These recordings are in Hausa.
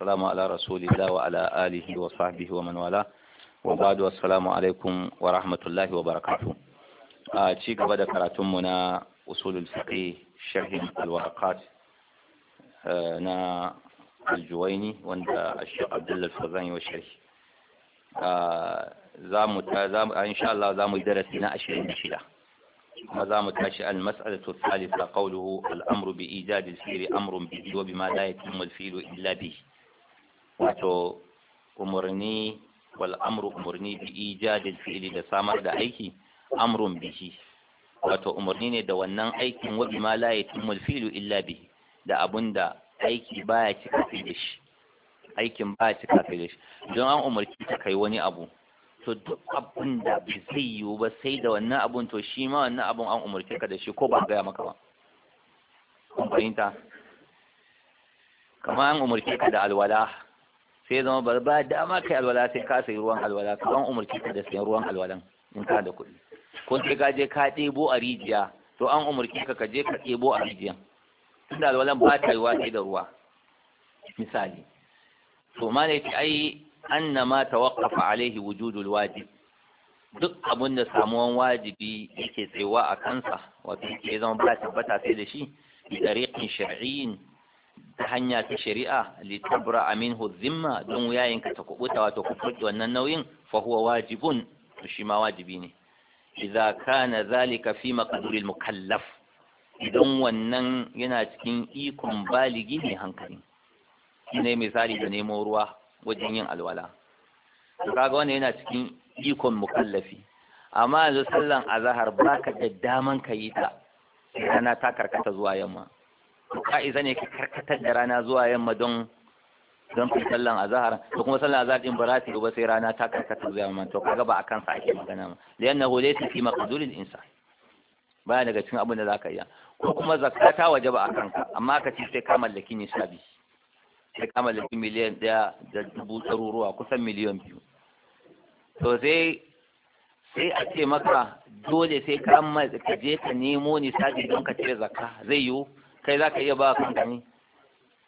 والسلام على رسول الله وعلى آله وصحبه ومن والاه وبعد والسلام عليكم ورحمة الله وبركاته ci gaba da karatunmu na usulul fiqh sharhin alwarqat na aljuwaini wanda Sheikh Abdullah Fazan ya sharhi za mu insha za mu yi darasi na 26 kuma za mu tashi al-mas'alatu thalitha qawluhu al-amru bi ijadi al-fi'li amrun bihi illa wato umarni wal amru umarni bi ijadil fi'li da samar da aiki amrun bihi wato umarni ne da wannan aikin wa bima la yatimul fi'lu illa bihi da abunda aiki baya cika fi da shi aikin baya cika fi da shi don an umarci ka kai wani abu to duk abun da bai zai yiwu ba sai da wannan abun to shi ma wannan abun an umarci ka da shi ko ba gaya maka ba kun fahimta kamar an umarci ka da alwala sai zama bar ba dama kai alwala sai ka sayi ruwan alwala ka an umarci ka da sayan ruwan alwalan in ka da kuɗi ko sai ka je ka ɗebo a rijiya to an umarci ka ka je ka ɗebo a rijiyan tunda alwalan ba ta yiwa sai da ruwa misali to ma ne ce ai anna ma tawaqqafa alaihi wujudul wajib duk abin da samuwan wajibi yake tsayuwa a kansa wato yake zama ba tabbata sai da shi bi tariqin shar'iyyin ta hanya ta shari'a litabra aminhu zimma don ka ta kubuta wato ku furta wannan nauyin fa huwa wajibun to shi ma wajibi ne idza kana zalika fi maqduril mukallaf idan wannan yana cikin ikon baligi ne hankali ne misali da nemo ruwa wajen yin alwala to kaga wannan yana cikin ikon mukallafi amma yanzu sallan azhar baka da daman kayi ta kana ta karkata zuwa yamma ka'iza ne ka karkatar da rana zuwa yamma don don fi sallan azhar to kuma sallan azhar din ba za ta yi ba sai rana ta karkata zuwa yamma to kaga ba akan sa ake magana ma hu laysa fi maqduril insan baya daga cikin abin da zaka iya ko kuma zakata waje ba akan ka amma ka ce sai ka mallaki sabi sai ka mallaki miliyan ɗaya da dubu ɗaruruwa kusan miliyan biyu to sai sai a ce maka dole sai ka je ka nemo sabi don ka cire zakka zai yiwu kai za ka iya ba kanka ne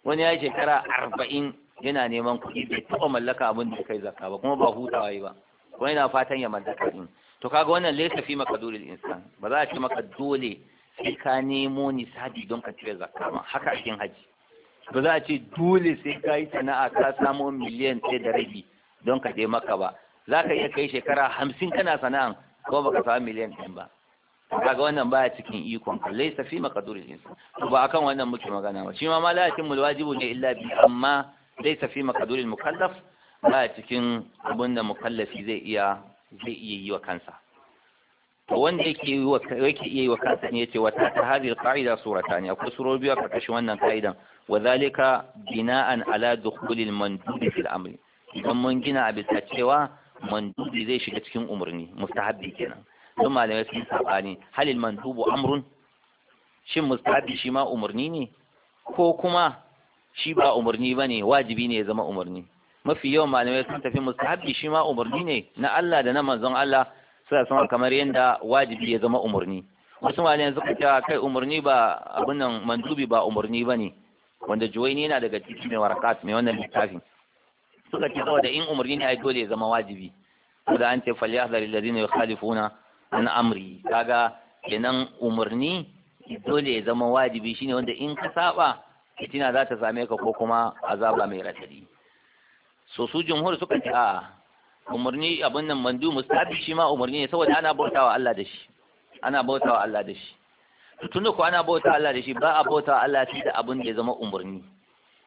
wani ya yi shekara arba'in yana neman kuɗi bai taɓa mallaka abin da kai zaka ba kuma ba hutawa yi ba wani na fatan ya mallaka ɗin to kaga wannan laisa fi maka dole insan ba za a ce maka dole sai ka nemo ni sadi don ka cire zakka ba haka a cikin haji ba za a ce dole sai ka yi sana'a ka samo miliyan ɗaya da rabi don ka je maka ba za ka iya kai shekara hamsin kana sana'an kuma ka samu miliyan ɗin ba kaga wannan baya cikin ikon ka laysa fi maqduril insan to ba akan wannan muke magana ba shi ma malakin mul wajibu ne illa bi amma laysa fi maqduril mukallaf baya cikin abinda mukallafi zai iya zai iya yi wa kansa to wanda yake yi wa yake iya yi wa kansa ne yace wata ta hadhihi alqaida suratani akwai surori biyu a kashin wannan kaidan wa zalika bina'an ala dukhulil mandubi fil amri idan mun gina a bisa cewa mandubi zai shiga cikin umurni mustahabbi kenan don malamai sun saɓani. halil mantubu amrun shin mustahabi shi ma umarni ne ko kuma shi ba umarni ba ne wajibi ne ya zama umarni mafi yawan malamai sun tafi mustahabi shi ma umarni ne na Allah da na manzon Allah suna sama kamar yadda wajibi ya zama umarni wasu malamai suka ce kai umarni ba abin nan mandubi ba umarni ba ne wanda juwaini yana daga cikin mai warakat mai wannan littafin suka ce saboda in umarni ne ai dole ya zama wajibi saboda an ce falyahzar ya yukhalifuna na amri kaga kenan umarni dole ya zama wajibi shine wanda in ka saba fitina za ta same ka ko kuma azaba mai ratari so su jumhur suka ce a umarni abin nan mandu Mustafi shi ma umarni ne saboda ana bautawa Allah da shi ana bautawa Allah da shi tunda ko ana bautawa Allah da shi ba a bautawa Allah sai da abin da ya zama umarni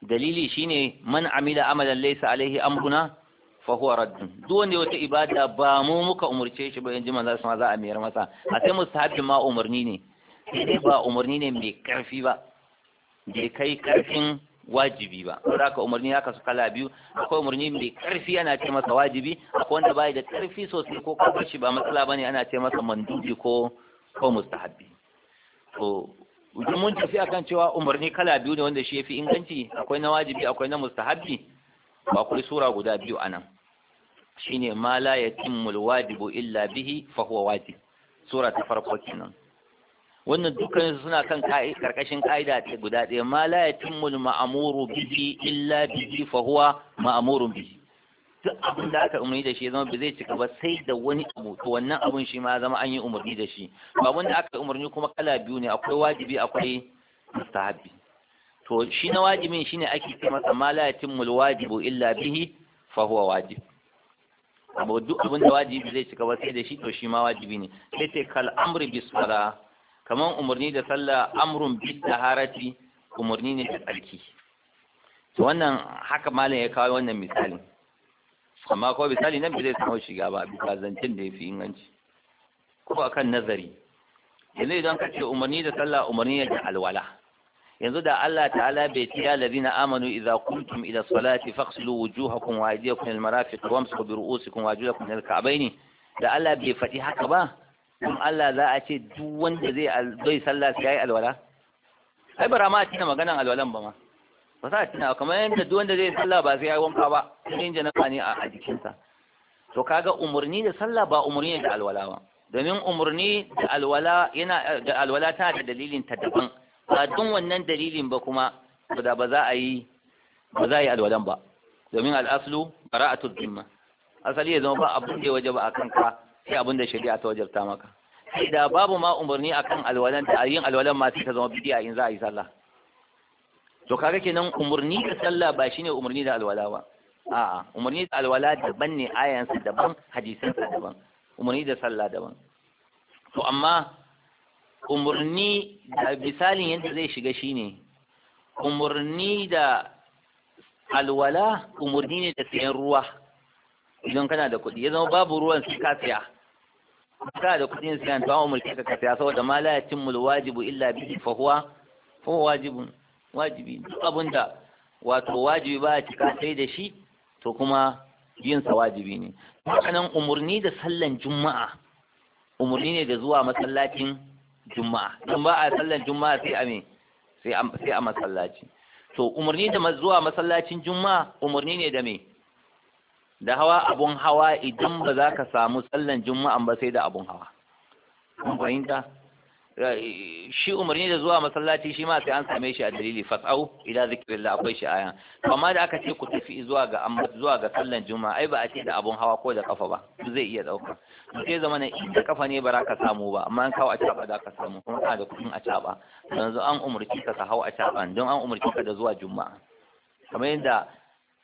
dalili shine man amila amalan laysa alaihi amruna fahuwa raddun duk wanda wata ibada ba mu muka umurce shi ba yanzu manzo sama za a mayar masa a sai mustahabbi ma umarni ne sai ba umarni ne mai karfi ba da kai karfin wajibi ba saboda haka umarni haka su kala biyu akwai umarni mai karfi ana ce masa wajibi akwai wanda bai da karfi sosai ko kuma shi ba matsala bane ana ce masa mandubi ko ko mustahabbi to mun tafi akan cewa umarni kala biyu ne wanda shi yafi inganci akwai na wajibi akwai na mustahabbi ba kuli sura guda biyu anan shine ma la yatimmu alwajibu illa bihi fa huwa wajib sura ta farko kenan wannan dukkan suna kan karkashin ka'ida ta guda ɗaya ma la yatimmu alma'muru bihi illa bihi fa huwa ma'murun bihi duk abin da aka umarni da shi zama ba zai cika ba sai da wani abu to wannan abun shi ma zama an yi umarni da shi ba wanda aka umarni kuma kala biyu ne akwai wajibi akwai mustahabi to shi na wajibin ne ake ce masa ma layatin yatimul wajibu illa bihi fa huwa wajib amma duk abin da wajibi zai cika ba sai da shi to shi ma wajibi ne sai ce kal amri bis sala kaman umarni da sallah amrun bis taharati umarni ne da tsarki to wannan haka malam ya kawo wannan misalin amma ko misali nan bai samu shiga ba bisa zancen da ya fi inganci ko akan nazari yanzu idan ka ce umarni da sallah umarni ne da alwala yanzu da Allah ta'ala bai ce ya ladina amanu idza kuntum ila salati faghsilu wujuhakum wa aydiyakum ila marafiq wamsahu bi ru'usikum wa ajlakum ila al-ka'bayn da Allah bai fadi haka ba kuma Allah za a ce duk wanda zai zai sallah sai yayi alwala ai bara ma tina maganan alwalan ba ma ba sa a tina kamar yadda duk wanda zai sallah ba sai yayi wanka ba sai na ne a jikinsa to kaga umurni da sallah ba umurni da alwala ba domin umurni da alwala yana da alwala tana da dalilin ta daban ba don wannan dalilin ba kuma da ba za a yi ba za a yi alwalan ba domin al'aslu bara'atul zimma asali ya zama ba abun da ya waje ba a kanka sai abun da shari'a ta wajarta maka sai da babu ma umarni akan alwalan da yin alwalan ma sai ta zama bidiya in za a yi sallah to kaga kenan umarni da sallah ba shine umarni da alwala ba a'a umarni da alwala daban ne ayansa daban hadisansa daban umarni da sallah daban to amma umarni da misalin yadda zai shiga shi ne umarni da alwala umarni ne da sayan ruwa idan kana da kuɗi ya zama babu ruwan sai ka siya kana da kuɗi siyan an umarci ka ka siya saboda ma la mul wajibu illa bi fa huwa fa wajibi duk abinda wato wajibi ba ya cika sai da shi to kuma yin sa wajibi ne hakanan umarni da sallan juma'a umarni ne da zuwa masallacin juma'a tun ba a sallan juma'a sai a me sai a masallaci to umarni da zuwa masallacin juma'a umarni ne da me da hawa abun hawa idan ba za ka samu sallan juma'an ba sai da abun hawa kun fahimta shi umarni da zuwa masallaci shi ma sai an same shi a dalili fas'au ila zikrillah akwai shi to amma da aka ce ku tafi zuwa ga amma zuwa ga sallan juma'a ai ba a ce da abun hawa ko da kafa ba zai iya dauka sai zama ne inda kafa ne ba za ka samu ba amma an kawo a caba da ka samu kuma ka da kudin a caba yanzu an umarci ka ka hawa a caba don an umarci ka da zuwa juma'a kamar yadda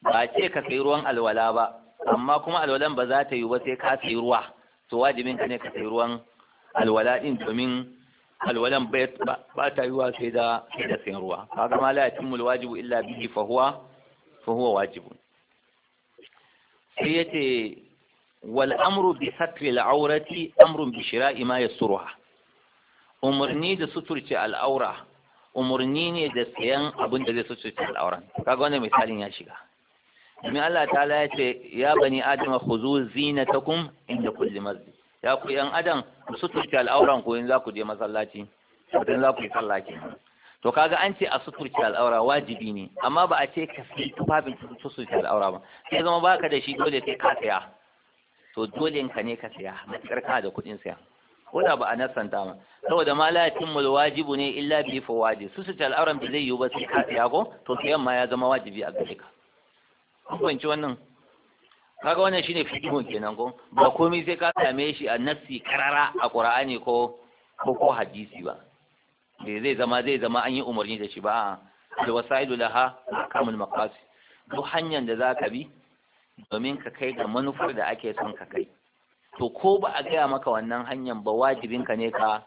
ba a ce ka sayi ruwan alwala ba amma kuma alwalan ba za ta yi ba sai ka sayi ruwa to wajibin ka ne ka sayi ruwan alwala din domin alwalan ba ta yiwa sai da sai da sin ruwa kaga ma la yatimmu alwajibu illa bihi fa huwa fa huwa wajibun sai yace wal amru bi satri al awrati amrun bi shira'i ma yasruha umurni da suturce al'aura umurni ne da sayan abin da zai suturce al'auran kaga wannan misalin ya shiga domin Allah ta'ala ya ya bani adama khuzu zinatakum inda kulli masjid ya ku yan adam ku suturce al'auran ku in za ku je masallaci idan za ku yi sallaci to kaga an ce a suturce al'aura wajibi ne amma ba a ce ka fi tufafin suturce al'aura ba sai zama baka da shi dole sai ka saya to dole ka ne ka saya matakar ka da kuɗin saya ko da ba a nasanta ma saboda ma la yatimul wajibu ne illa bi fawaji suturce al'auran ba zai yiwu ba sai ka saya ko to sayan ma ya zama wajibi a gare ka kun fahimci wannan kaga wannan shine fiqhun kenan ko ba komai sai ka same shi a nassi karara a qur'ani ko ko ko hadisi ba me eh, zai zama zai zama an yi umarni da shi ba da wasailu laha kamul maqasid duk hanyar da zaka bi domin ka kai ga manufar da ake son ka kai to ko ba a gaya maka wannan hanyar ba wajibin ka ne ka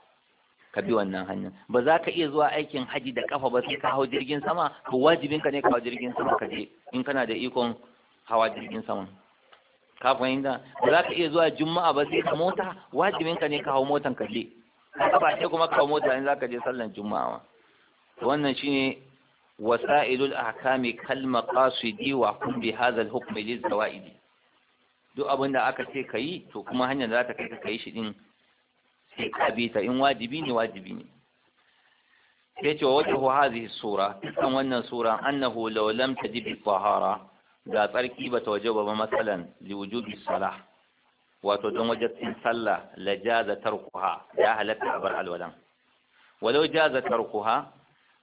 ka bi wannan hanyar ba za ka iya zuwa aikin haji da kafa ba sai ka hau jirgin sama to wajibin ka ne ka hau jirgin sama ka je in kana da ikon hawa jirgin sama ka fahimta ba za ka iya zuwa juma'a ba sai ka mota wajibin ka ne ka hau motan ka je ka ba sai kuma ka hau mota ne za ka je sallan juma'a wannan shine wasailul ahkami kal maqasidi wa kun bi hadha al hukm lil zawaidi duk abin da aka ce kayi to kuma hanyar da za ta kai ka kai shi din sai ka bi ta in wajibi ne wajibi ne sai ce wa wajhu hadhihi sura kan wannan sura annahu law lam tajib al-tahara ga tsarki bata waje ba matsalan liwujubi salah wato don waje wajabcin sallah la jaza tarkuha ya halatta a bar alwalan walau jaza tarkuha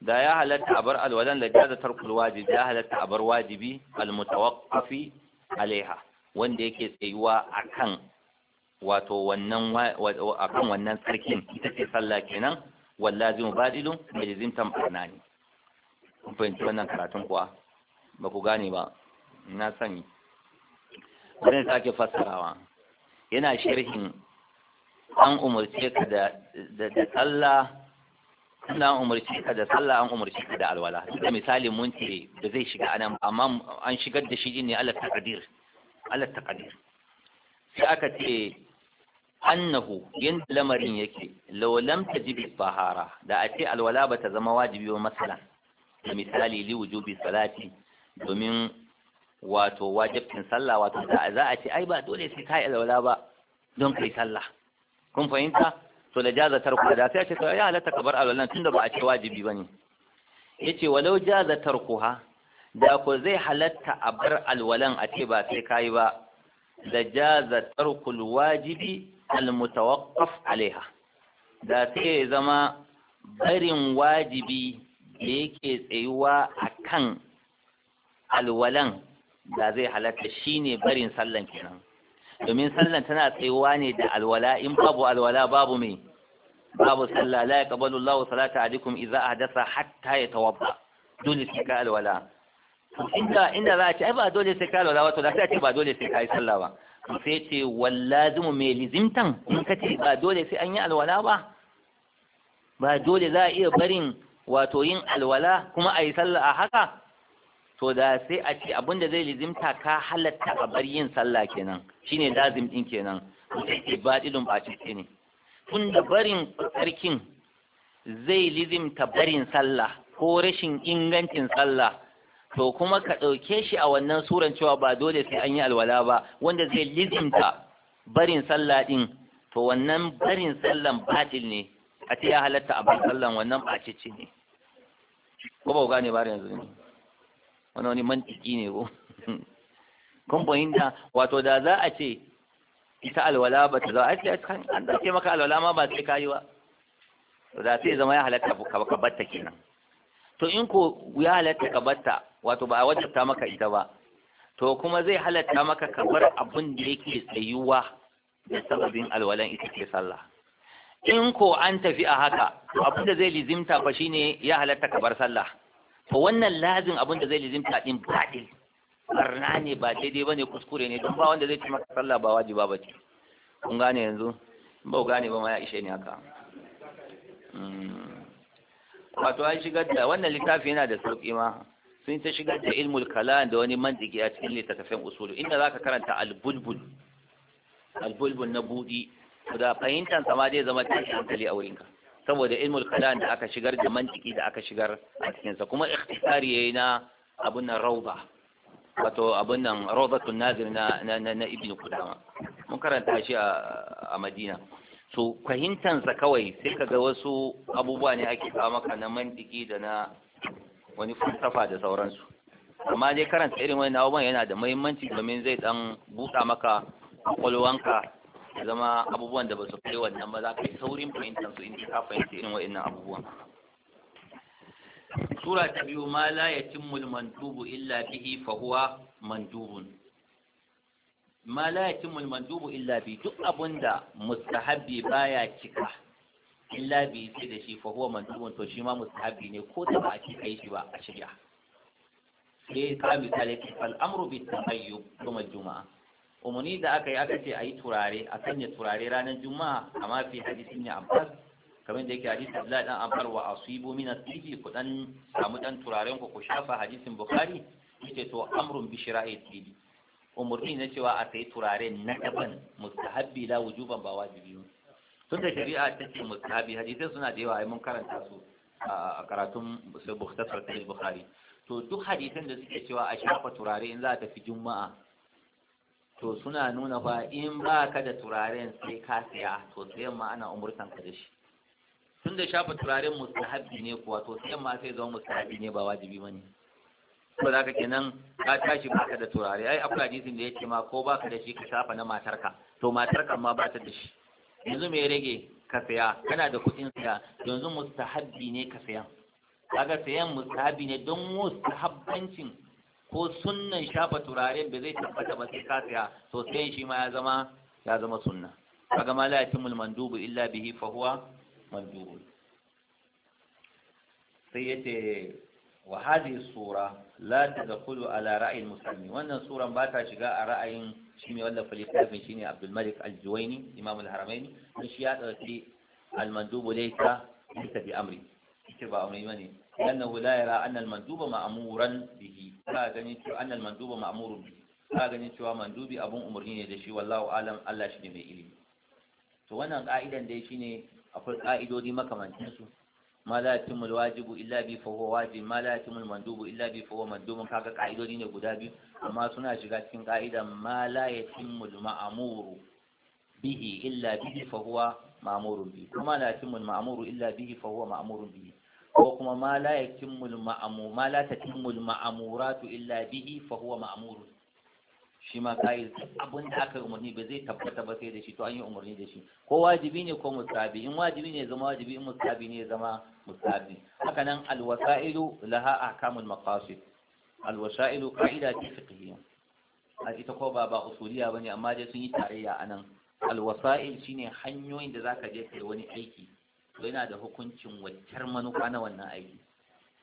da ya halatta a bar alwalan la jaza tarkul wajib ya halatta a bar wajibi almutawaqqafi alaiha wanda yake tsayuwa akan wato wannan akan wannan tsarkin ita ce sallah kenan wallazimu badilun mai lizimtan barnani kun fahimci wannan karatun kuwa ba ku gane ba na sani bari na sake fassarawa yana sharhin an umarce ka da da sallah an umarci ka da sallah an umarce ka da alwala da misali mun ce da zai shiga anan amma an shigar da shi ne Allah taqdir Allah taqdir sai aka ce annahu yanda lamarin yake law lam tajib bahara da a ce alwala ba ta zama wajibi ba masalan da misali li wujubi salati domin wato wajibcin sallah wato za a ce ai ba dole sai yi alwala ba don kai sallah kun fahimta to da jaza tarku da sai a ce to ya halatta kabar alwalan tunda ba a ce wajibi bane yace walau jaza ha? da ko zai halatta a bar alwalan a ce ba sai kai ba da jaza tarkul wajibi almutawaqqaf alaiha da sai zama barin wajibi da yake tsayuwa akan alwalan da zai halatta ne barin sallan kenan domin sallan tana tsayuwa ne da alwala in babu alwala babu mai babu sallah la yaqbalu Allahu salata alaikum idza ahdatha hatta yatawadda dole sai ka alwala inda inda za a ce ai ba dole sai ka alwala wato da sai a ce ba dole sai ka yi sallah ba sai ce wallazimu mai lizimtan in ka ce ba dole sai an yi alwala ba ba dole za a iya barin wato yin alwala kuma a yi sallah a haka to da sai a ce abin da zai lizimta ka halatta a bar yin sallah kenan shine lazim din kenan sai badilun ba ce ne tun da barin tsarkin zai lizimta barin sallah ko rashin ingancin sallah to kuma ka ɗauke shi a wannan suran cewa ba dole sai an yi alwala ba wanda zai lizimta barin sallah ɗin, to wannan barin sallan batil ne a ce ya halatta a bar sallan wannan bacicci ne ko ba ku gane ba yanzu ne wani wani mantiki ne ko kun fahimta wato da za a ce ita alwala ba ta zama a ce an dace maka alwala ma ba sai kayi ba da sai zama ya halatta ka batta kenan to in ko ya halatta ka batta wato ba a wajabta maka ita ba to kuma zai halatta maka ka bar abin da yake tsayuwa da sababin alwalan ita ke sallah in ko an tafi a haka abin da zai lizimta fa shine ya halatta ka bar sallah to wannan lazim abin da zai lizimta din baɗi barna ne ba daidai ba ne kuskure ne don ba wanda zai ci maka sallah ba wajiba ba ce kun gane yanzu ba ku gane ba ma ya ishe ne haka hmm. wato an shigar da wannan littafi yana da sauƙi ma sun ta shigar da ilmul kalam da wani mantiki a cikin littattafan usulu inda zaka karanta albulbul albulbul na budi da fahimtar sama zai zama cikin hankali a wurinka saboda ilmul kalam da aka shigar da mantiki da aka shigar a cikinsa kuma ikhtisari yayi na abun nan rauba wato abun nan rawdatun nazir na na ibnu kudama mun karanta shi a madina so sa kawai sai kaga wasu abubuwa ne ake kawo maka na mantiki da na wani falsafa da sauransu amma dai karanta irin wani abubuwan yana da muhimmanci domin zai dan buɗa maka kwakwalwanka zama abubuwan da ba su kai wannan ba za ka yi saurin fahimtar su inda ka fahimci irin wa'annan abubuwan sura ta biyu ma la yatimmu al-mandubu illa bihi fa huwa mandubun ma la yatimmu al-mandubu illa bi duk abunda mustahabbi baya cika illa bi sai da shi fa huwa mandubun to shi ma mustahabbi ne ko ta ba a cika kai shi ba a shirya sai ka misali fal amru bi tamayyub kuma juma'a umarni da aka yi aka ce a yi turare a sanya turare ranar juma'a a mafi hadisin ya abbas kamar da yake hadisi da dan abbas wa bomi na asibi ku dan samu dan turaren ku shafa hadisin bukari yace to amrun bi shira'i tibi umarni na cewa a sayi turare na daban mustahabbi la wujuban ba wajibi ne tunda shari'a ta ce mustahabi hadisai suna da yawa yi mun karanta su a karatun sai bukhtasar bukhari to duk hadisan da suke cewa a shafa turare in za a tafi juma'a to suna nuna fa in ba ka da turaren sai ka siya to sai ma ana umurtan ka da shi tun da shafa turaren mustahabi ne kuwa to sai ma sai zama mustahabi ne ba wajibi ba ne ko za ka kenan ka tashi ba ka da turare ai akwai hadisin da yake ma ko ba ka da shi ka shafa na matarka to matarka ma ba ta da shi yanzu me rage ka saya kana da kuɗin saya yanzu mustahabi ne ka siya kaga sayan mustahabi ne don mustahabbancin ko sunnan shafa turaren ba zai tabbata ba sai sosai tsaya to sai shi ma ya zama ya zama sunna kaga ma la yatimul mandubu illa bihi fa huwa mandubu sai yace wa hadhihi sura la tadkhulu ala ra'yi musalli wannan suran ba ta shiga a ra'ayin shi mai wallafa littafin shine Abdul Malik Al-Juwaini Imam Al-Haramaini shi ya dauki al-mandubu laysa bi amri ba amri bane لأنه لا يرى أن المندوب مأمورا به لا غني شو أن المندوب مأمور به لا غني شو مندوب أبو أمرين دشي والله أعلم الله شنو إلي to wannan ka'idan dai shine akwai ka'idodi makamancin su ma la yatimmu illa bi fa huwa wajib ma la yatimmu illa bi fa huwa mandubun kaga ka'idodi ne guda biyu amma suna shiga cikin ka'idan ma la yatimmu illa bihi fa huwa ma'murun bihi ko kuma ma la yatimul ma'amu ma la tatimul ma'amuratu illa bihi fa huwa ma'murun shi ma kai abin da aka umarni ba zai tabbata ba sai da shi to an yi umarni da shi ko wajibi ne ko mustabi in wajibi ne zama wajibi in mustabi ne zama mustabi haka nan alwasailu laha ahkamul maqasid alwasailu qa'ida fi fiqhiyya ita ko ba ba usuliya bane amma dai sun yi tarayya anan alwasail shine hanyoyin da zaka je kai wani aiki to yana da hukuncin waccar manufa na wannan aiki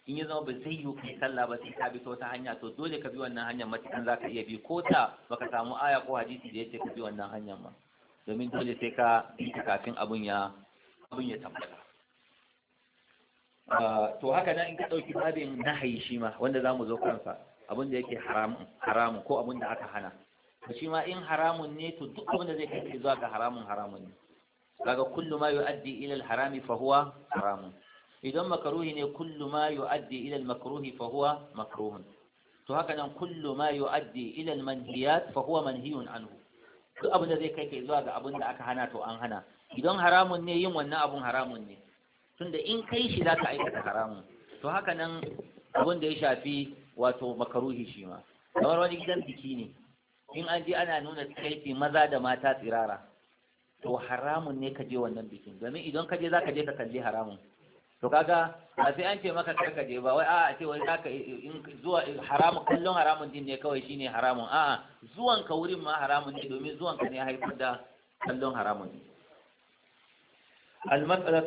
in ya zama ba zai yi kai sallah ba sai ka bi ta wata hanya to dole ka bi wannan hanyar matakan za ka iya bi ko ta baka samu aya ko hadisi da yace ka bi wannan hanyar ma domin dole sai ka bi kafin abun ya abun tabbata ah, to haka nan in ka ɗauki babin nahayi shi ma wanda za mu zo kansa abin da yake haramun ko abin da aka hana to shi ma in haramun ne to duk abin da zai kai zuwa ga haramun haramun ne kaga kullu ma yu'addi ila al-harami fa huwa haram idan makruhi ne kullu ma yu'addi ila al-makruhi fa huwa makruhun to haka nan kullu ma yu'addi ila al-manhiyat fa huwa manhiyun anhu duk abin da zai kai kai zuwa ga abin da aka hana to an hana idan haramun ne yin wannan abun haramun ne tunda in kai shi za ka aikata haramun to haka nan abin da ya shafi wato makaruhi shi ma kamar wani gidan biki ne in an je ana nuna tsiraici maza da mata tsirara to haramun ne ka je wannan bikin domin idan ka je za ka je ka kalli haramun to kaga ba sai an ce maka kar ka je ba wai a'a ce wai zaka in zuwa haramun kallon haramun din ne kawai shine haramun a'a zuwan ka wurin ma haramun ne domin zuwan ka ne haifar da kallon haramun ne المسألة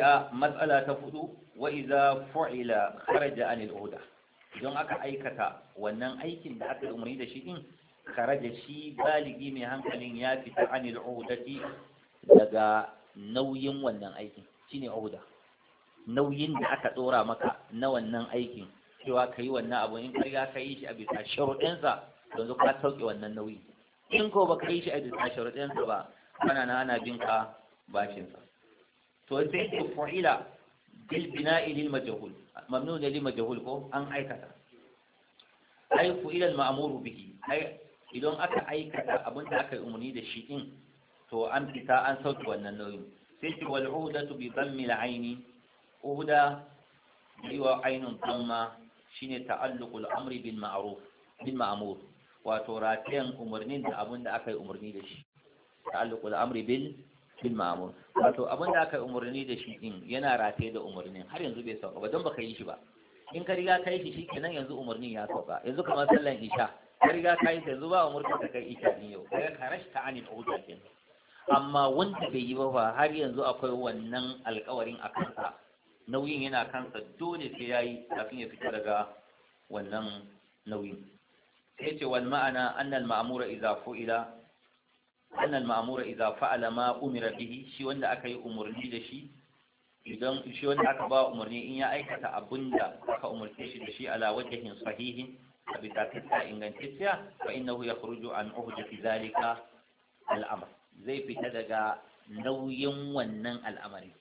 ta مسألة تفضو وإذا فعل خرج عن العودة idan aka aikata wannan aikin da aka umarni da shi din kharaja shi baligi mai hankalin ya fita anil uhudati daga nauyin wannan aikin shine uhuda nauyin da aka tsora maka na wannan aikin cewa ka yi wannan abu in karya ka yi shi a bisa sharuɗinsa yanzu ka sauke wannan nauyi in ko ba ka yi shi a bisa sharuɗinsa ba kana na ana bin ka sa. to sai ce fa'ila bil bina'i lil majhul mamnu da lil majhul ko an aikata ai fu'ila al ma'muru bihi ai idan aka aikata abin da aka yi umarni da shi din to an fita an sauke wannan nauyin sai ce wal udatu bi dhammil aini uda biwa ainun dhamma shine ta'alluqul amri bil ma'ruf bil ma'mur wato ratayan umarnin da abin da aka yi umarni da shi ta'alluqul amri bil bil ma'mur wato abin da aka yi umarni da shi din yana rataye da umarnin har yanzu bai sauka ba don baka yi shi ba in ka riga kai shi shikenan yanzu umarnin ya sauka yanzu kamar sallan isha ka riga ka yi yanzu ba umurka ta kai ita din yau kaga karashta anil uja din amma wanda bai yi ba fa har yanzu akwai wannan alƙawarin a kansa nauyin yana kansa dole sai yayi kafin ya fita daga wannan nauyin sai ce wal ma'ana annal ma'mura idza fu'ila annal ma'mura idza fa'ala ma umira bihi shi wanda aka yi umurni da shi idan shi wanda aka ba umarni in ya aikata abinda aka umarce shi da shi ala wajhin sahihin a bisa fitta ingantacciya fa innahu yakhruju an uhdati zalika al'amr zai fita daga nauyin wannan al'amari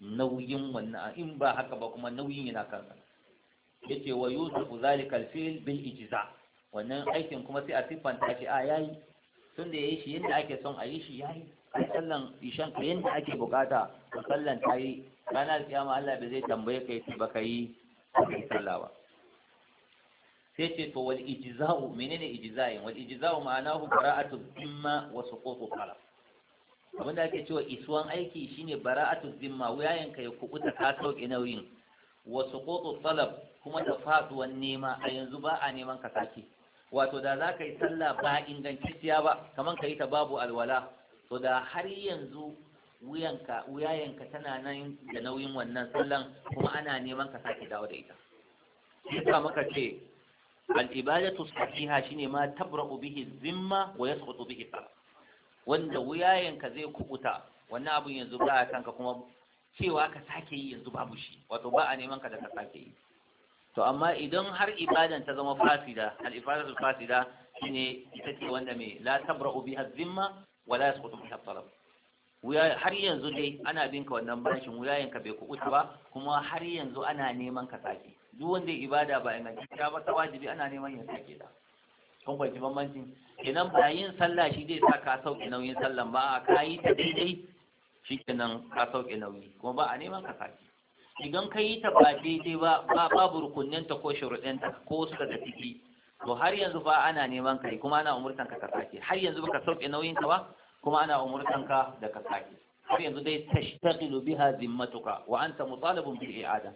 nauyin wannan in ba haka ba kuma nauyin yana kansa yace wa yusufu zalika al-fi'l bil ijza wannan aikin kuma sai a siffanta shi a yayi tun da yayi shi yadda ake son a yi shi yayi kai sallan ishan ka yadda ake bukata ka sallan ta yi ranar kiyama Allah bai zai tambaye kai ba ka yi sallah ba sai ce to wal ijza'u menene ijza'in wal ijza'u ma'anahu bara'atu zimma wa suqutu talab abin da ake cewa isuwan aiki shine bara'atu zimma wuyayen ka ya kubuta ka sauke nauyin wa suqutu talab kuma da faduwan nema a yanzu ba a neman ka sake wato da za ka yi sallah ba ingantacciya ba kaman ka yi ta babu alwala to da har yanzu wuyanka wuyayenka tana nan da nauyin wannan sallan kuma ana neman ka sake dawo da ita sai maka ce al'ibadatu sahiha ne ma tabra bihi zimma wa yasqutu bihi qal wanda wuyayenka zai kubuta wannan abin yanzu ba a kanka kuma cewa ka sake yi yanzu babu shi wato ba a neman ka da ka sake yi to amma idan har ibadan ta zama fasida al-ifadatul fasida shi ne ita ce wanda mai la tabra biha zimma wa la yasqutu bihi talab har yanzu dai ana bin ka wannan bashin wuyayen ka bai kuɓuta ba kuma har yanzu ana neman ka sake duk wanda ibada ba ingantacciya ba ta wajibi ana neman ya sake ta kun kwanci bambancin kenan ba yin sallah shi zai sa ka sauke nauyin sallan ba a ka yi ta daidai shi kenan ka sauke nauyi kuma ba a neman ka sake idan ka yi ta ba daidai ba ba babu rukunninta ko shuruɗinta ko su daga ciki to har yanzu ba ana neman kai kuma ana umurtan ka ka sake har yanzu baka sauke nauyin ka ba kuma ana umurtan ka da ka sake har yanzu dai tashtaqilu biha zimmatuka wa anta mutalibun bil i'ada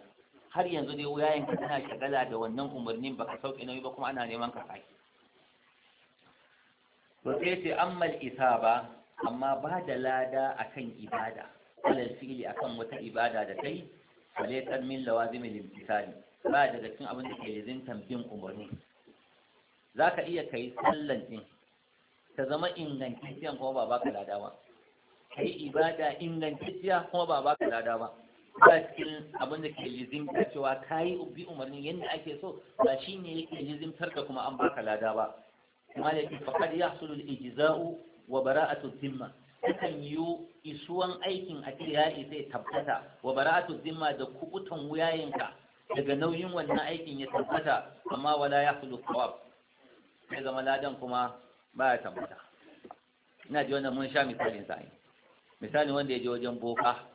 har yanzu dai wuyayen ka tana shagala da wannan umarnin ba ka sauke nauyi ba kuma ana neman ka sake to sai ce ammal isaba amma ba da lada akan ibada alal fili akan wata ibada da kai falatar min lawazimin limtisali ba daga cikin abin da ke lizintan bin umarni za ka iya kai sallan din ta zama ingantacciya kuma ba baka lada ba kai ibada ingantacciya kuma ba baka lada ba ba cikin abin da ke lizimta cewa ka yi bi umarni yadda ake so ba shi ne yake lizimtar tarka kuma an baka lada ba kuma da ke faƙar ya sulu ijiza'u wa bara'atu zimma kan yi isuwan aikin a yaƙi zai tabbata wa bara'atu zimma da kubutan wuyayenka daga nauyin wannan aikin ya tabbata amma wala ya sulu kawab ya zama ladan kuma ba ya tabbata ina ji wannan mun sha misalin sa'in misali wanda ya je wajen boka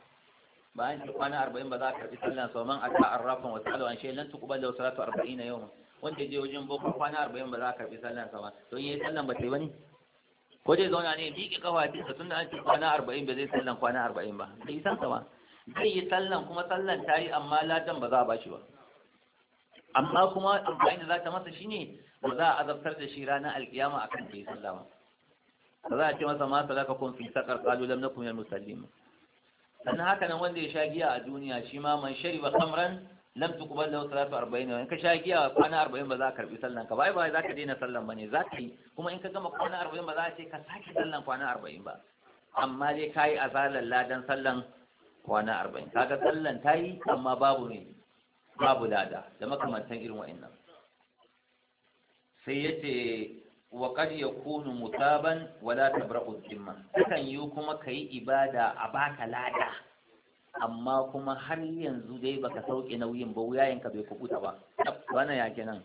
bayan ta kwana arba'in ba za a karɓi sallan sau man aka arrafan wasu alwan shi lan ba da wasu salatu arba'in na yau wanda je wajen boko kwana arba'in ba za a karɓi sallan sa ba to yi sallan ba ta yi wani ko zai zauna ne miƙe kawafin sa tunda an ce kwana arba'in ba zai sallan kwana arba'in ba bai san sama. ba zai yi sallan kuma sallan ta yi amma ladan ba za a bashi ba amma kuma arba'in da za ta masa shine ba za a azabtar da shi ranar alkiyama akan ta yi sallama ba za a ce masa ma salaka kun fi saƙar ƙalu lam nakum yal musallima sannan haka nan wanda ya sha giya a duniya shi ma man shariba kamran lam tuqbal lahu salatu 40 in ka sha giya kwana 40 ba za ka karbi sallan ka ba ba za ka daina sallan bane za ka yi kuma in ka gama kwana 40 ba za a ce ka sake sallan kwana arbain ba amma dai kai azalan ladan sallan kwana 40 kaga sallan tayi amma babu ne babu lada da makamantan irin wa'annan sai yace wa kad yakunu mutaban la tabra'u dhimma kan yi kuma kai ibada a baka lada amma kuma har yanzu dai baka sauke nauyin ba ka bai kubuta ba wannan ya kenan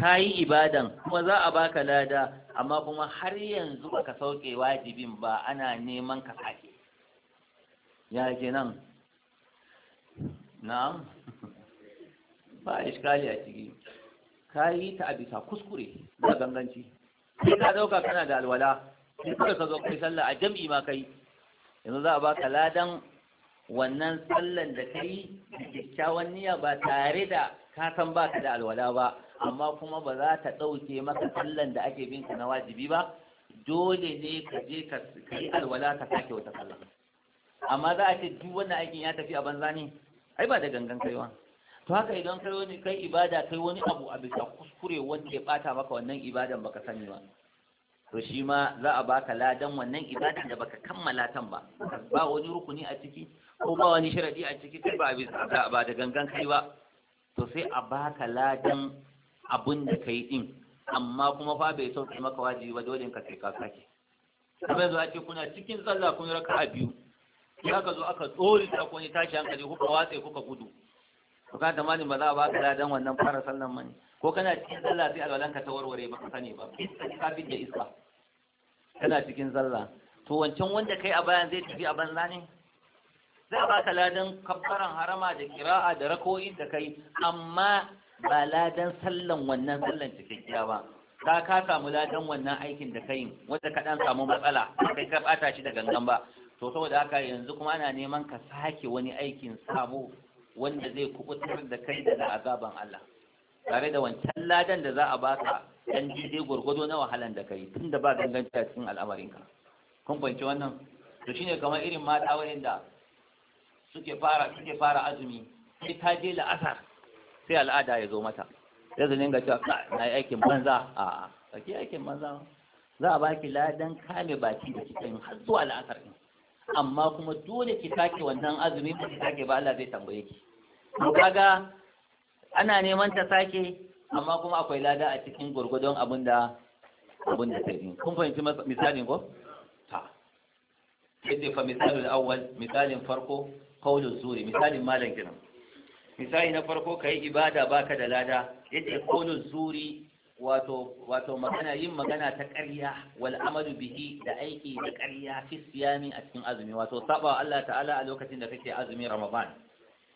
kayi ibadan kuma za a baka lada amma kuma har yanzu baka sauke wajibin ba ana neman ka sake ya kenan na'am ba iskali a ciki ka yi ta a bisa kuskure da ganganci sai ka dauka kana da alwala sai ka zo kai sallah a jam'i ma kai yanzu za a baka ladan wannan sallan da ka da kyakkyawan niyya ba tare da ka san ka da alwala ba amma kuma ba za ta ɗauke maka sallan da ake bin ka na wajibi ba dole ne ka je ka yi alwala ka sake wata sallah amma za a ce duk wannan aikin ya tafi a banza ne ai ba da gangan kaiwa to haka idan kai wani kai ibada kai wani abu a bisa kuskure wanda ya bata maka wannan ibadan baka sani ba to shi ma za a baka ladan wannan ibadan da baka kammala tan ba ba wani rukuni a ciki ko ba wani sharadi a ciki kai ba bisa ba da gangan kai ba to sai a baka ladan abun da kai din amma kuma fa bai sauke maka wajibi ba dole ka sai ka sake kamar yanzu a ce kuna cikin sallah kun raka'a biyu ya ka zo aka tsori ta tashi hankali kuka watse kuka gudu to ka ne ba za a ba da ladan wannan fara sallan mani ko kana cikin zalla sai alwalan ka ta warware ba ka sani ba ka bi da iska kana cikin zalla. to wancan wanda kai a bayan zai tafi a banza ne za a ba ka ladan kafaran harama da kira'a da rako'i da kai amma ba ladan sallan wannan sallan cikakkiya ba ka ka samu ladan wannan aikin da kai wanda ka dan samu matsala kai ka bata shi da gangan ba to saboda haka yanzu kuma ana neman ka sake wani aikin sabo wanda zai kubutar da kai daga azaban Allah tare da wancan ladan da za a baka dan jide gwargwado na wahalan da kai tun da ba ganganci a cikin al'amarinka kun fahimci wannan to shine kamar irin mata wayanda suke fara suke fara azumi sai ta je la'asar sai al'ada ya zo mata sai zanen ga cewa na yi aikin banza a kake aikin banza za a baki ladan kame baki da cikin har zuwa la'asar din amma kuma dole ki sake wannan azumi ba ki sake ba Allah zai tambaye ki to kaga ana neman ta sake amma kuma akwai lada a cikin gurgudun abinda da ta da kun fahimci misalin ko ta yadda fa misalul awwal misalin farko qawlu zuri misalin malan kiran misali na farko kai ibada baka da lada yadda qawlu zuri wato magana yin magana ta ƙarya wal amalu bihi da aiki da ƙarya fi siyami a cikin azumi wato saba Allah ta'ala a lokacin da kake azumi Ramadan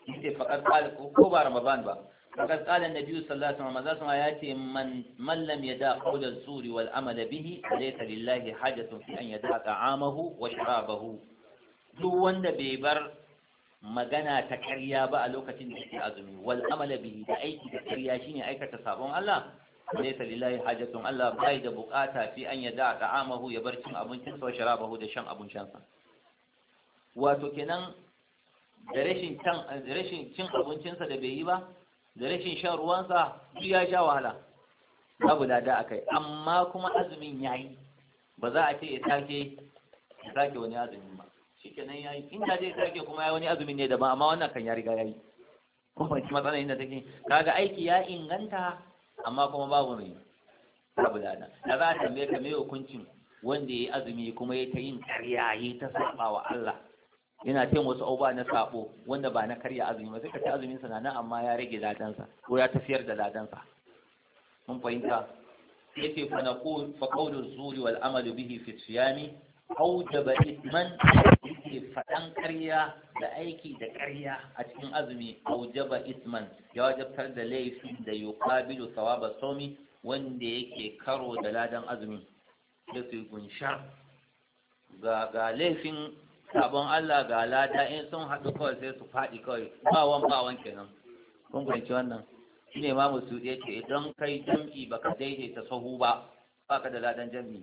yace faqad qala ko ba Ramadan ba faqad qala an-nabi sallallahu alaihi wasallam ya ce man man lam yada qawl az-zur wal amala bihi laysa lillahi hajatun fi an yada ta'amahu wa sharabahu duk wanda bai bar magana ta ƙarya ba a lokacin da yake azumi wal amala bihi da aiki da ƙarya shine aikata sabon Allah laysa lillahi hajatun Allah bai da bukata fi an yada ta'amahu ya bar cin abincin sa sharabahu da shan abincin sa wato kenan da rashin can da rashin cin abincin sa da bai yi ba da rashin shan ruwan sa ya sha wahala babu lada akai amma kuma azumin yayi ba za a ce ya sake ya wani azumin ba shikenan yayi inda zai sake kuma ya wani azumin ne daban amma wannan kan ya riga yayi kuma matsalar inda take kaga aiki ya inganta amma kuma babu mai babu lada da za a tambaye ka mai hukuncin wanda ya yi azumi kuma ya ta yin karya ya ta saba wa Allah yana ta wasu ba na sabo wanda ba na karya azumi ba sai ka ta azumin sa nan amma ya rage ladansa ko ya tafiyar da ladansa mun fahimta yace fa naqul fa qawlu zuri wal amalu bihi fi siyami awjaba ithman ake faɗan ƙarya da aiki da ƙarya a cikin azumi aujaba isman ya wajabtar da laifin da ƙabilu sawaba somi wanda yake karo da ladan azumi ya su gunsha ga laifin sabon Allah ga lada in sun haɗu kawai sai su faɗi kawai ba wan ba wan kenan kun fahimci wannan ne ma musu yake idan kai jam'i baka daidaita sahu ba Ba ka da ladan jam'i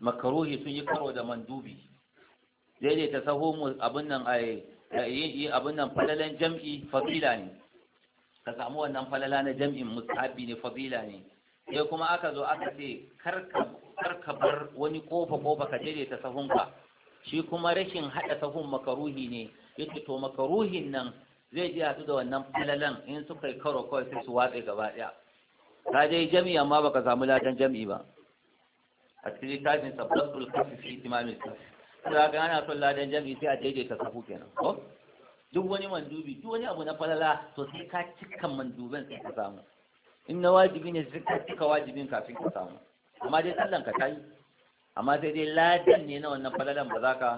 makaruhi sun yi karo da mandubi daidaita sahu abin nan a eh, yi abin nan falalan jam'i fadila ne ka samu wannan falala na jam'in mustahabi ne fadila ne sai kuma aka zo aka ce kar ka bar wani kofa kofa ka daidaita sahunka shi kuma rashin hada sahun makaruhi ne yake to makaruhin nan zai ji hatu da wannan falalan in suka yi karo kawai sai su watse gaba daya ka dai jami'i amma baka samu ladan jami'i ba a cikin littafin sabbatul kafi fi imamin kafi za ka ana son ladan jami sai a daidaita sahu kenan ko duk wani mandubi duk wani abu na falala to sai ka cika manduban sai ka samu in na wajibi ne sai ka cika wajibin kafin ka samu amma dai sallan ka tayi amma sai dai ladan ne na wannan falalan ba za ka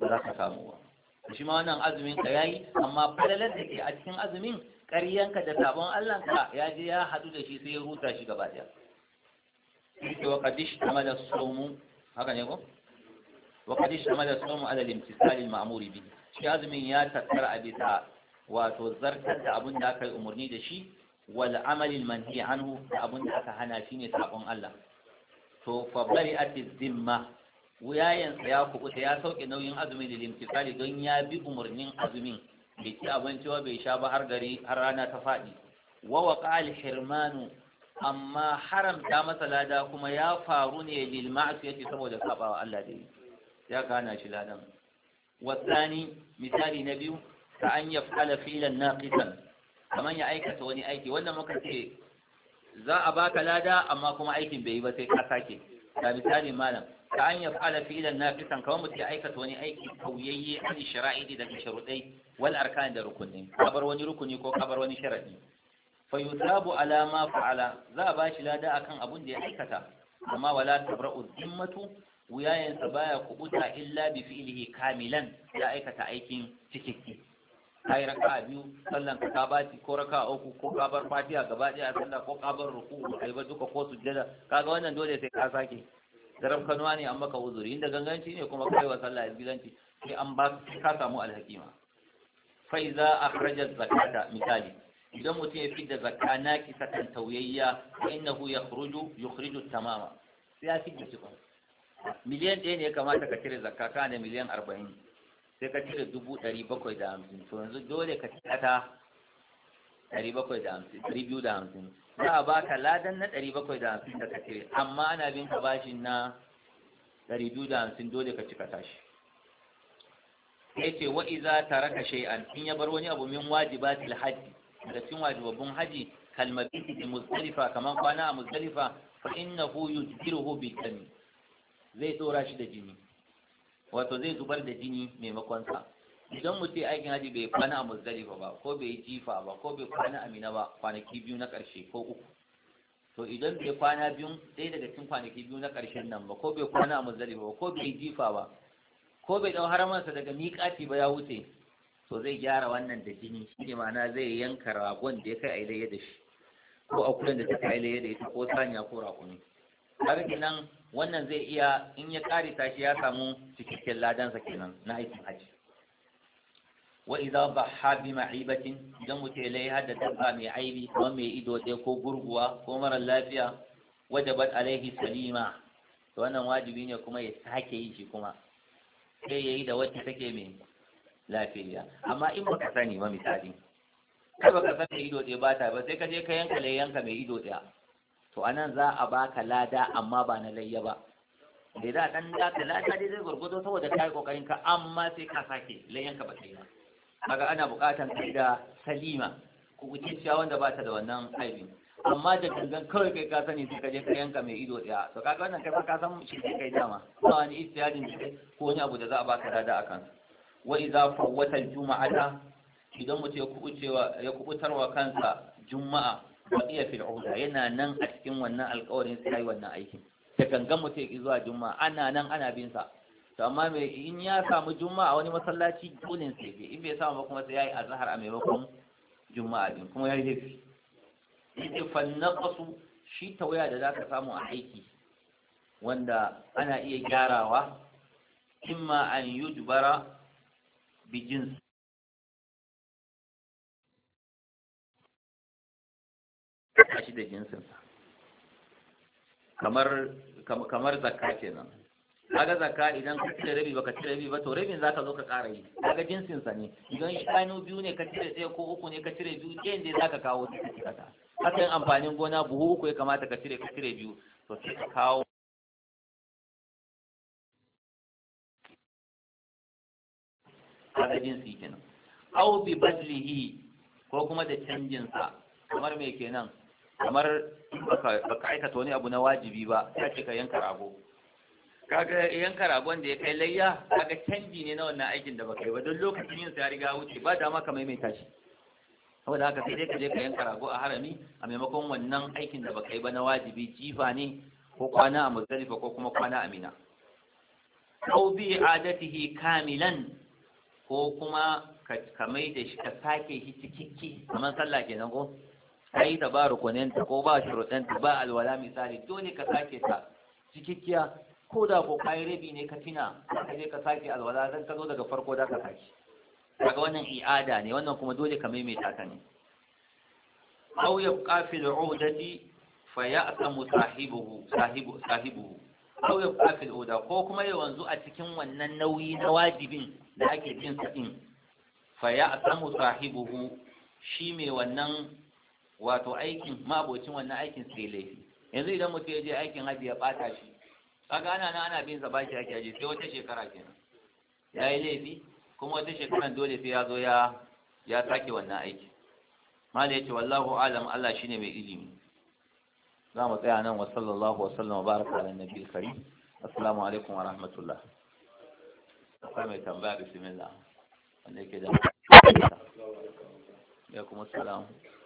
ba za ka samu ba shi ma wannan azumin ka yayi amma falalan da ke a cikin azumin ƙaryanka da sabon Allah ka ya je ya haɗu da shi sai ya huta shi gaba ɗaya. Wa kadish tamala sawmu haka ne ko? وقد اشتمل الصوم على الامتثال المأمور به shi azumin ya tattara a bisa wato zartar da abin da aka yi umarni da shi wal amalin manhi anhu da abin da aka hana shi ne sabon Allah to fa bari zimma wuyayen ya kubuta ya sauke nauyin azumin da limtisali don ya bi umarnin azumin bai ci bai sha ba har gari har rana ta faɗi wa waqa hirmanu amma haramta masa lada kuma ya faru ne lil ma'siyati saboda sabawa Allah da ya gana shi ladan wasani misali na biyu ta an yaf'ala filan naqisan kaman ya aikata wani aiki wannan muka ce za a baka lada amma kuma aikin bai yi ba sai ka sake ga misali malam ta an yaf'ala filan naqisan kaman mutum ya aikata wani aiki kauyayye an shara'idi da sharuɗai wal arkan da rukunni kabar wani rukuni ko kabar wani sharadi fayusabu ala ma fa'ala za a bashi lada akan abun da ya aikata amma wala tabra'u zimmatu wuyayensa baya kubuta illa bi fi'lihi kamilan ya aikata aikin cikakke kai raka biyu sallan ka ta ko raka uku ko ka fatiha gaba daya sallah ko ka bar ruku'u kai ba duka ko sujjada kaga wannan dole sai ka sake garam kanuwa ne an maka uzuri inda ganganci ne kuma kai wa sallah ya izgilanci sai an ba ka samu alhakima fa iza akhraja zakata misali idan mutum ya fidda zakka naqisatan tawiyya fa innahu yakhruju yukhriju tamama sai ya fidda cikon miliyan ɗaya ne ya kamata ka cire zakka ka ne miliyan arba'in sai ka cire dubu ɗari bakwai da hamsin to yanzu dole ka cire ta ɗari bakwai da hamsin ɗari biyu da hamsin za a baka ladan na ɗari bakwai da hamsin da ka cire amma ana bin ka bashi na ɗari biyu da hamsin dole ka cika tashi sai ce wa iza taraka shay'an in ya bar wani abu min wajibatil hajji da cikin wajibabbun haji kalmabiti bi muzdalifa kaman kwana a muzdalifa fa innahu yujbiruhu bi dami zai tsora shi da jini wato zai zubar da jini maimakon sa idan mutum aikin haji bai kwana a muzdalifa ba ko bai jifa ba ko bai kwana a mina ba kwanaki biyu na ƙarshe ko uku to idan bai kwana biyu ɗaya daga cikin kwanaki biyu na ƙarshen nan ba ko bai kwana a muzdalifa ba ko bai jifa ba ko bai ɗau haramansa daga miƙati ba ya wuce to zai gyara wannan da jini shi ne ma'ana zai yanka ragon da ya kai a ilayya da shi ko akuyan da ta kai ilayya da ita ko sanya ko rakumi har nan wannan zai iya in ya karisa shi ya samu cikakken ladansa kenan na aikin hajji wa idza baha bi ma'ibatin idan mutum ya da dabba mai aibi kuma mai ido ɗaya ko gurguwa ko mara lafiya wajabat alaihi salima to wannan wajibi ne kuma ya sake yi shi kuma sai yayi da wacce take mai lafiya amma in ka sani ba misali kai baka san mai ido ɗaya ba ta ba sai ka je ka yanka layyanka mai ido ɗaya to nan za a baka lada amma ba na layya ba da za a dan lada dai zai gurgudo saboda kai kokarin ka amma sai ka sake layyan ka ba kai ba kaga ana bukatan kai da salima ku cewa wanda ba ta da wannan aibin amma da gangan kawai kai ka sani sai ka je ka yanka mai ido daya to kaga wannan kai ka san shi kai dama ba wani istiyadin da ko wani abu da za a baka lada kan. wa idza fawwata al-juma'ata idan mutum ya kubucewa ya kubutarwa kansa juma'a wa iya fil yana nan a cikin wannan alƙawarin sai wannan aikin da gangan mutum ki zuwa juma'a ana nan ana bin sa to amma me in ya samu juma'a wani masallaci dole sai ke, in bai samu ba kuma sai yayi azhar a maimakon juma'a din kuma yayi laifi yake fannaqasu shi tawaya da zaka samu a aiki wanda ana iya gyarawa imma an yujbara bi jinsi haɗa shi da jinsinsa kamar kamar zakka kenan kaga zakka idan ka cire rabi baka cire rabi ba to rabin zaka zo ka ƙara yi kaga jinsin sa ne idan shanu biyu ne ka cire ɗaya ko uku ne ka cire biyu ɗayan za zaka kawo su ka cikata haka yin amfanin gona buhu uku ya kamata ka cire ka cire biyu to sai ka kawo kaga jinsi kenan au bi badlihi ko kuma da canjin sa kamar me kenan kamar baka aikata wani abu na wajibi ba ya ce ka yanka rago kaga yanka ragon da ya kai layya kaga canji ne na wannan aikin da baka yi ba don lokacin yin sa ya riga wuce ba dama ka maimaita shi saboda haka sai dai ka je ka yanka rago a harami a maimakon wannan aikin da baka yi ba na wajibi jifa ne ko kwana a muzdalifa ko kuma kwana a mina aw bi adatihi kamilan ko kuma ka maida shi ka sake shi cikakke kamar sallah kenan ko ai ta ba rukuninta ko ba shuruɗanta ba alwala misali dole ka sake ta cikikkiya ko da ko kayi rabi ne ka tina ka je ka sake alwala dan ka zo daga farko da ka sake daga wannan i'ada ne wannan kuma dole ka maimaita ta ne aw yabqa fil 'udati fa ya'tamu sahibuhu sahibu sahibuhu aw yabqa fil 'uda ko kuma ya wanzu a cikin wannan nauyi na wajibin da ake jin sa din fa ya'tamu sahibuhu shi mai wannan wato aikin mabocin wannan aikin sai laifi yanzu idan mutum ya je aikin haji ya bata shi kaga ana nan ana bin sa bashi ake aje sai wata shekara kenan ya yi laifi kuma wata shekaran dole sai ya zo ya ya sake wannan aiki mala yace wallahu alam Allah shine mai ilimi za mu tsaya nan wa sallallahu wa sallama baraka ala nabiyil karim assalamu alaikum wa rahmatullah akwai mai tambaya bismillah wanda yake da ya kuma salam